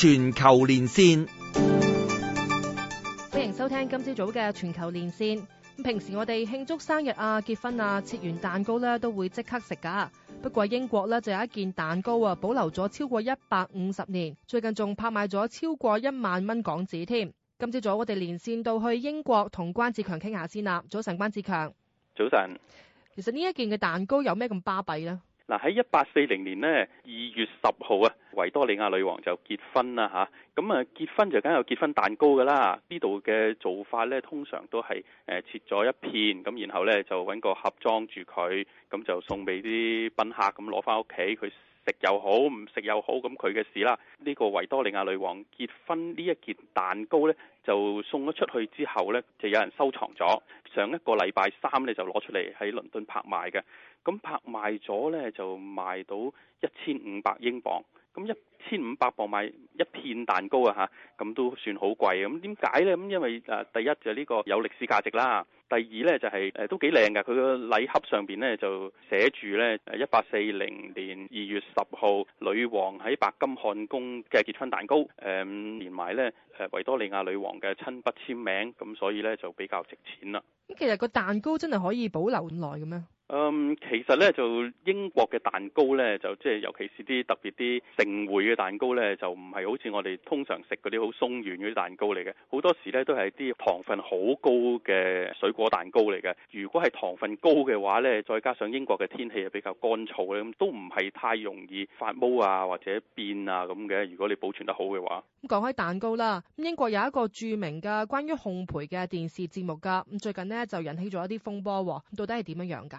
全球連線，歡迎收聽今朝早嘅全球連線。咁平時我哋慶祝生日啊、結婚啊、切完蛋糕咧，都會即刻食噶。不過英國咧就有一件蛋糕啊，保留咗超過一百五十年，最近仲拍賣咗超過一萬蚊港紙添。今朝早我哋連線到去英國同關志強傾下先啦。早晨，關志強。早晨。其實呢一件嘅蛋糕有咩咁巴閉呢？嗱，喺一八四零年呢，二月十號啊，維多利亞女王就結婚啦吓，咁啊結婚就梗有結婚蛋糕噶啦，呢度嘅做法呢，通常都係、呃、切咗一片，咁然後呢，就揾個盒裝住佢，咁就送俾啲賓客，咁攞翻屋企佢。食又好唔食又好，咁佢嘅事啦。呢個維多利亞女王結婚呢一件蛋糕呢，就送咗出去之後呢，就有人收藏咗。上一個禮拜三呢，就攞出嚟喺倫敦拍賣嘅，咁拍賣咗呢，就賣到一千五百英鎊。咁一千五百磅買一片蛋糕啊，吓，咁都算好貴，咁點解呢？咁因為誒第一就呢個有歷史價值啦，第二呢，就係誒都幾靚㗎。佢個禮盒上面呢，就寫住呢：「誒一八四零年二月十號女王喺白金漢宮嘅結婚蛋糕」，誒、嗯、連埋呢維多利亞女王嘅親筆簽名，咁所以呢，就比較值錢啦。咁其實個蛋糕真係可以保留咁耐嘅咩？嗯，其實咧就英國嘅蛋糕咧，就即係尤其是啲特別啲盛會嘅蛋糕咧，就唔係好似我哋通常食嗰啲好鬆軟嗰啲蛋糕嚟嘅。好多時咧都係啲糖分好高嘅水果蛋糕嚟嘅。如果係糖分高嘅話咧，再加上英國嘅天氣係比較乾燥咧，咁都唔係太容易發毛 o 啊或者變啊咁嘅。如果你保存得好嘅話，咁講開蛋糕啦，英國有一個著名嘅關於烘焙嘅電視節目㗎。咁最近呢就引起咗一啲風波喎、哦，到底係點樣樣㗎？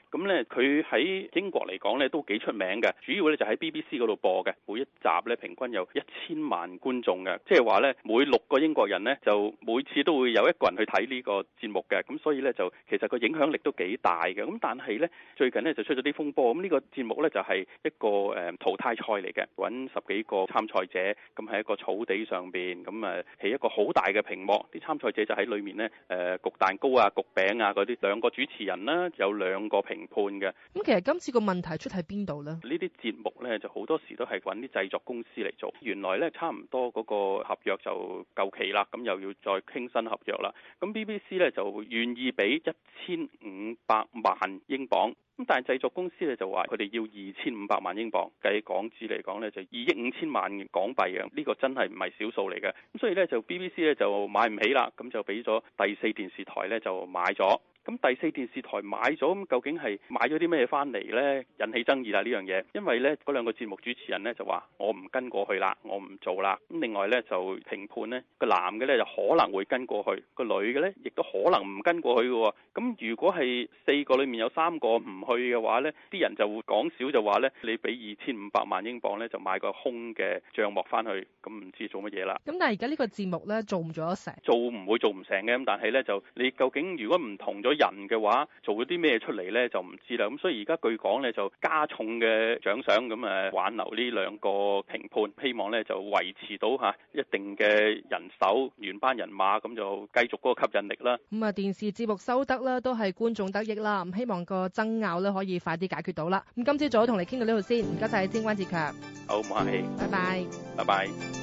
咁咧，佢喺英國嚟講咧都幾出名嘅，主要咧就喺、是、BBC 嗰度播嘅，每一集咧平均有一千萬觀眾嘅，即係話咧每六個英國人咧就每次都會有一個人去睇呢個節目嘅，咁所以咧就其實個影響力都幾大嘅。咁但係咧最近咧就出咗啲風波，咁呢個節目咧就係、是、一個誒、嗯、淘汰賽嚟嘅，揾十幾個參賽者，咁、嗯、喺一個草地上邊，咁誒起一個好大嘅屏幕，啲參賽者就喺裏面咧誒、呃、焗蛋糕啊、焗餅啊嗰啲，兩個主持人啦、啊，有兩個屏。判嘅，咁其實今次個問題出喺邊度呢？呢啲節目呢就好多時都係揾啲製作公司嚟做，原來呢，差唔多嗰個合約就夠期啦，咁又要再傾新合約啦。咁 BBC 呢就願意俾一千五百萬英鎊，咁但係製作公司呢就話佢哋要二千五百萬英鎊，計港紙嚟講呢，就二億五千萬港幣嘅，呢個真係唔係少數嚟嘅。咁所以呢，就 BBC 呢就買唔起啦，咁就俾咗第四電視台呢就買咗。咁第四電視台買咗，咁究竟係買咗啲咩嘢翻嚟咧？引起爭議啦呢樣嘢，因為咧嗰兩個節目主持人咧就話我唔跟過去啦，我唔做啦。咁另外咧就評判咧個男嘅咧就可能會跟過去，個女嘅咧亦都可能唔跟過去嘅喔。咁如果係四個裏面有三個唔去嘅話咧，啲人就會講少就話咧：你俾二千五百萬英鎊咧就買個空嘅帳幕翻去，咁唔知做乜嘢啦。咁但係而家呢個節目咧做唔做得成？做唔會做唔成嘅，咁但係咧就你究竟如果唔同咗？人嘅話做咗啲咩出嚟咧，就唔知啦。咁所以而家據講咧就加重嘅獎賞，咁誒挽留呢兩個評判，希望咧就維持到吓一定嘅人手、原班人馬，咁就繼續嗰個吸引力啦。咁啊、嗯，電視節目收得啦，都係觀眾得益啦。咁希望個爭拗咧可以快啲解決到啦。咁今朝早同你傾到呢度先，唔該曬，先關志強。好，唔客氣。拜拜。拜拜。拜拜。